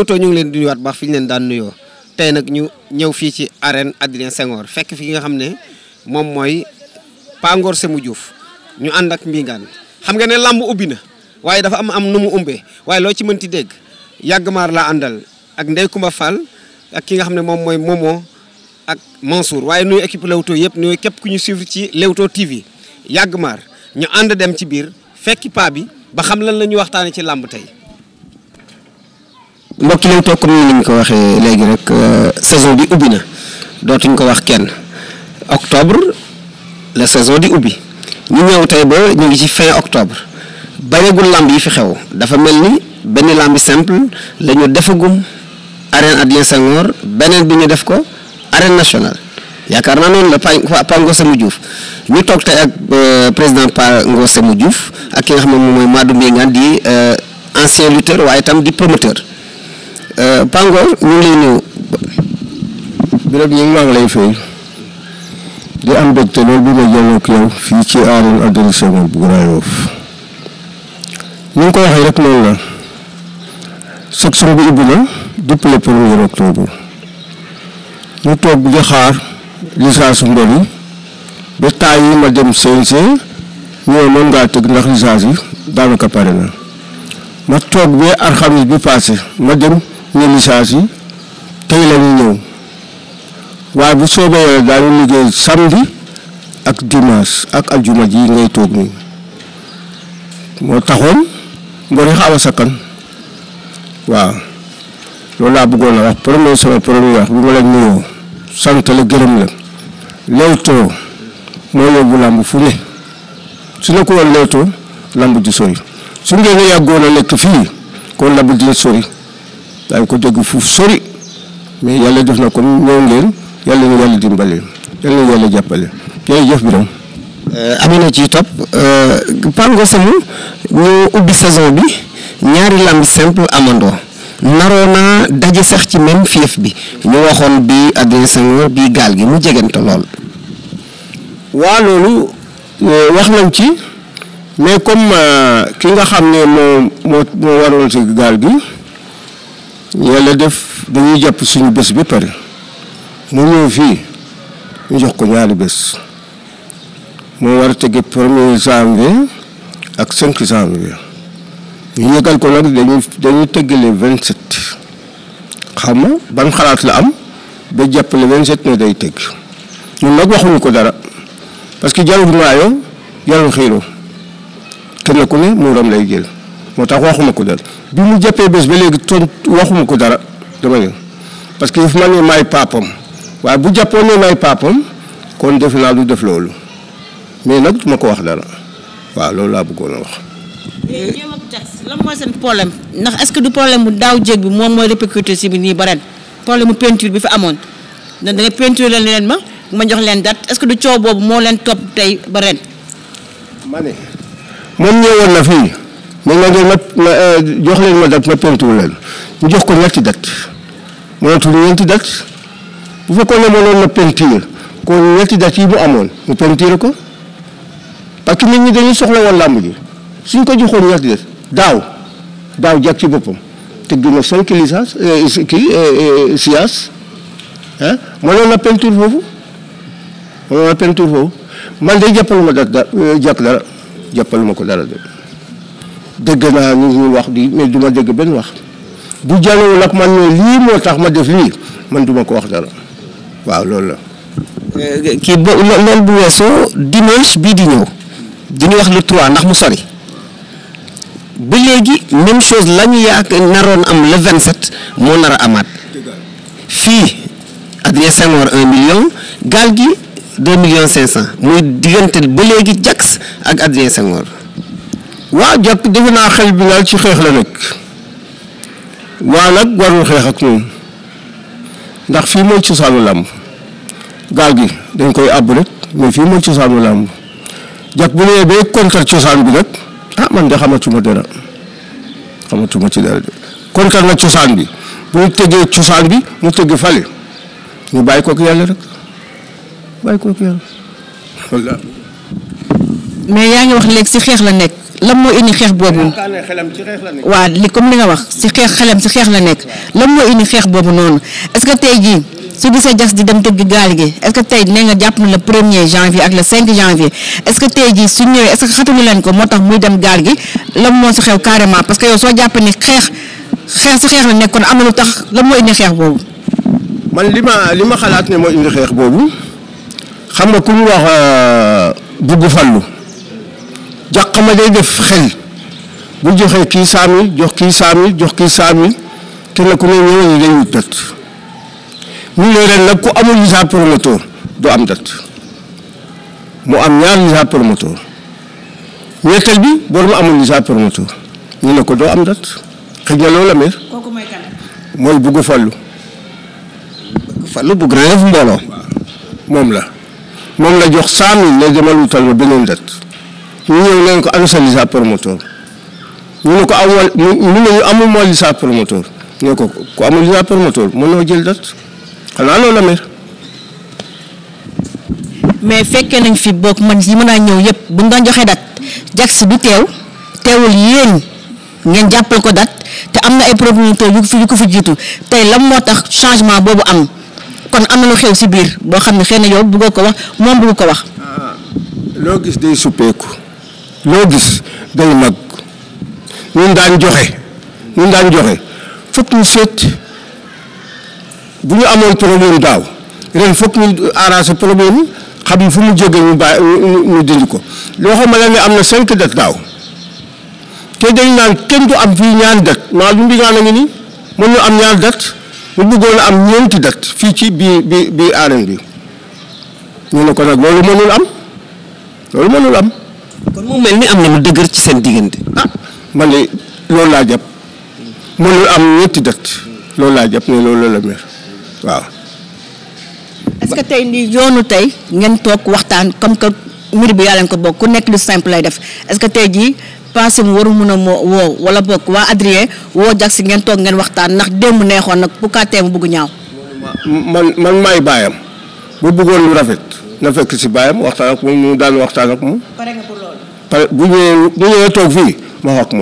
Leewtoo ñu ngi leen di nuyuwaat baax fi ñu leen daan nuyoo tey nag ñu ñëw fii ci arène Adrien sengoor fekk fi nga xam ne moom mooy Pa Ngor Sémou ñu ànd ak mbingaan xam nga ne làmb ubbi na waaye dafa am am nu mu umbee waaye loo ci mënti dégg yàgg maar laa àndal ak Ndey Kumba Fall ak ki nga xam ne moom mooy Momo ak Mansour waaye nuyu équipe Leewtoo yëpp nuyu képp ku ñu suivre ci Leewtoo TV yàgg maar ñu ànd dem ci biir fekki paa bi ba xam lan la ñuy waxtaanee ci làmb tey. mbokk yi Leewtoo comme ni ñu ko waxee léegi rek euh, saison bi ubbi na dootuñ ko wax kenn octobre la saison di ubbi ñu ñëw tey ba ñu ngi ci fin octobre bareegul lamb yi fi xew dafa mel ni benn lamb simple la ñu defagum arène Adrien Senghor beneen bi ñu def ko arène nationale yaakaar naa noonu la Pa Ngosemu Diouf ñu toog tey ak euh, président Pa Ngosemu Diouf ak ki nga xam ne moom mooy Madou Mbengue di euh, ancien lutteur waaye tam di promoteur. Euh, Pangor ñu ngi lay nuyu. béréb ñu ngi lay fay. di am mbégte loolu bi ma jëloon yow fii ci Arène Adrien bu Grand Yoff ñu ngi ko waxee rek noonu la. section bi ubbi na depuis le premier toog di xaar licence mbër yi ba taa yi ma dem CNG ñëw mën ngaa tëgg ndax licence yi daanaka pare na ma toog ba alxamis bi passé ma dem. ñoom saas yi tey la ñu ñëw waaye bu soobee yàlla daañu liggéey samedi ak dimanche ak aljuma ji ngay toog nii moo taxoon nga di xaw a sakkan waaw loolu laa bëggoon a wax premier sama premier wax bi ma la nuyoo sant la gërëm la Leewtoo moo yóbbu làmb fu ne su ne ko woon Leewtoo làmb di sori su ngeen yàggoon a nekk fii kon làmb dina sori daañu ko dégg fu sori mais yàlla def na ko ñëw ngeen yàlla ñu yàlla dimbale yàlla ñu yàlla jàppale jërëjëf Birame. Euh, Amina ci topp euh, Pango Samou ñu ubbi saison bi ñaari lamb simple amandoo naroon naa daje sax ci même fief bi ñu waxoon bi Adrien Senghor bii gaal gi mu jegante lool. waa loolu euh, wax nañ ci mais comme ki nga xam ne moo moo moo waroon si gaal gi. yàlla def dañuy jàpp suñu bés bi pare mu ñëw fii ñu jox ko ñaari bés moo war a tege premier janvier ak cinq janvier ñu yëgal ko nag dañuy dañuy tëggale vingt sept xam ban xalaat la am ba jàppale vingt set ne day teg ñun nag waxuñu ko dara parce que jarul maayoo jarul xiiro kenn ku ne muuram lay jël. moo tax waxuma ko dara bi mu jëppee bés ba léegi ton waxuma ko dara dama ne parce que daf ma ne maay papam waaye bu jàppoon ne maay papam kon def naa lu def loolu mais nag duma ko wax dara waaw loolu laa bëggoon a wax. léegi ak tax ndax est-ce que du problème bu daaw jéeg bi moom mooy répercuté si bi nii ba ren mu peinture bi fi amoon da nga leen leen ma ma jox leen date est-ce que du coow boobu moo leen topp tey ba ren. ma ne moom na fii. moom ma doon ma euh, jox leen ma date ma peinture leen ñu jox ko ñetti date mënatul ñeenti date bu fekkoon ne mënoon na peinture kon ñetti date yi bu amoon mu ko parce que nit ñi dañuy soxla woon làmb ji suñ ko joxoon ñetti date daaw daaw jag ci boppam teg na cinq licence euh, kii sias ah euh, mënoon na peinture foofu mënoon na peinture foofu man day jàppal ma date da jàpp dara jàppal ko dara de dégg naa ñu wax di mais ma dégg benn wax bu jàllewul ak man ne lii moo tax ma def lii man duma ko wax dara waaw loolu la. Euh, kii bo loolu bu weesoo dimanche bii di ñëw dañuy wax le 3 ndax mu sori ba léegi même chose la ñu yaak naroon am le 27 moo nar a amaat fii Adrien Senghor 1 million gaal gi 2 millions 500 muy diggante ba léegi Jax ak Adrien Senghor. waa jàkk defe naa xel bi daal ci xeex la nekk waa nag warul xeex ak moom ndax fii mooy cosaanu làmb gaal gi dañ koy àbb rek mais fii mooy cosaanu làmb jàkk bu nee bee kontar cosaan bi nag ah man de xamatuma dara xamatuma ci dara na cosaan bi bu ñu tëggee cosaan bi mu tëgg fale ñu bàyyi kook yàlla rek bàyyi kook yàlla mais yaa ngi wax léegi si xeex la nekk lan moo indi xeex boobu waa li comme ni nga wax si xeex xelam si xeex la nekk lan moo indi xeex boobu noonu est-ce que tey jii su gisee jas di dem tëgg gaal gi est-ce que tey nee nga jàpp na le premier ak le 5 janvier est-ce que tey jii su ñëwee est-ce que xatalu leen ko moo tax muy dem gaal gi lan moo si xew carrément parce que yow soo jàpp ni xeex xeex si xeex la nekk kon am na lu tax lan moo indi xeex boobu. man li ma li ma xalaat ne moo indi xeex boobu xam nga ku mu wax euh, bugg fallu jàqama day def xel bu joxee kii cent mille jox kii cent mille jox kii cent mille kenn ku ne ñëwee dañuy wut date ñu ne nag ko amul visa promoteur du am date mu am ñaar visa promoteur ñetteel bi bor mu amul visa promoteur ñu ne ko doo am date xëj na loola meer mooy bugg fallu fallu bugg na mbooloo moom la moom la jox cent mille ne demal wutal ma beneen date ñu ñëw leen ko anu sa visa promoteur ko amul ñu ne ñu amul mooy visa promoteur ñu ne ko ku amul visa promoteur mënoo jël date xanaa loolu la mer. mais fekkee nañ fi bokk man yi mën a ñëw yëpp bu ñu doon joxee dat jax du teew teewul yéen ngeen jàppal ko dat te am na ay propriétaires yu ko fi yu ko fi jiitu tey la moo tax changement boobu am kon am na lu xew si biir boo xam ne xëy na yow bëggoo ko wax moom bëggu ko wax. Ah, loo gis day suppeeku loo gis day mag ñun daan joxe ñun daan joxe fokk ñu seet bu ñu amoon problème daaw ren fokk ñu arrangé problème xam fu mu jógee ñu bàyyi ñu dindi ko loo xam ne am na cinq det daaw te dañ naan kenn du am fii ñaari det maa lu mu a ngi nii mën ñu am ñaari det mu bëggoon am ñeenti det fii ci bii bii bii arène bi ñu ne ko nag loolu mënul am loolu mënul am kon mu mel ni am na lu dëgër ci seen diggante. ah man de loolu laa jàpp mënul am ñetti date loolu laa jàpp ne loolu la mer waaw. est-ce que tey nii yoonu tey ngeen toog waxtaan comme que mbir bi yàlla ko bokk ku nekk lu simple lay def est-ce que tey jii passé mu waru mun a moo woo wala bokk waa Adrien woo jag si ngeen toog ngeen waxtaan ndax démb neexoon nag bu kàttee mu bugg ñaaw. man man maay baayam bu bëggoon lu rafet na fekk si baayam waxtaan ak moom ñu daan waxtaan ak moom. pare bu ñëwee bu ñëwee toog ma wax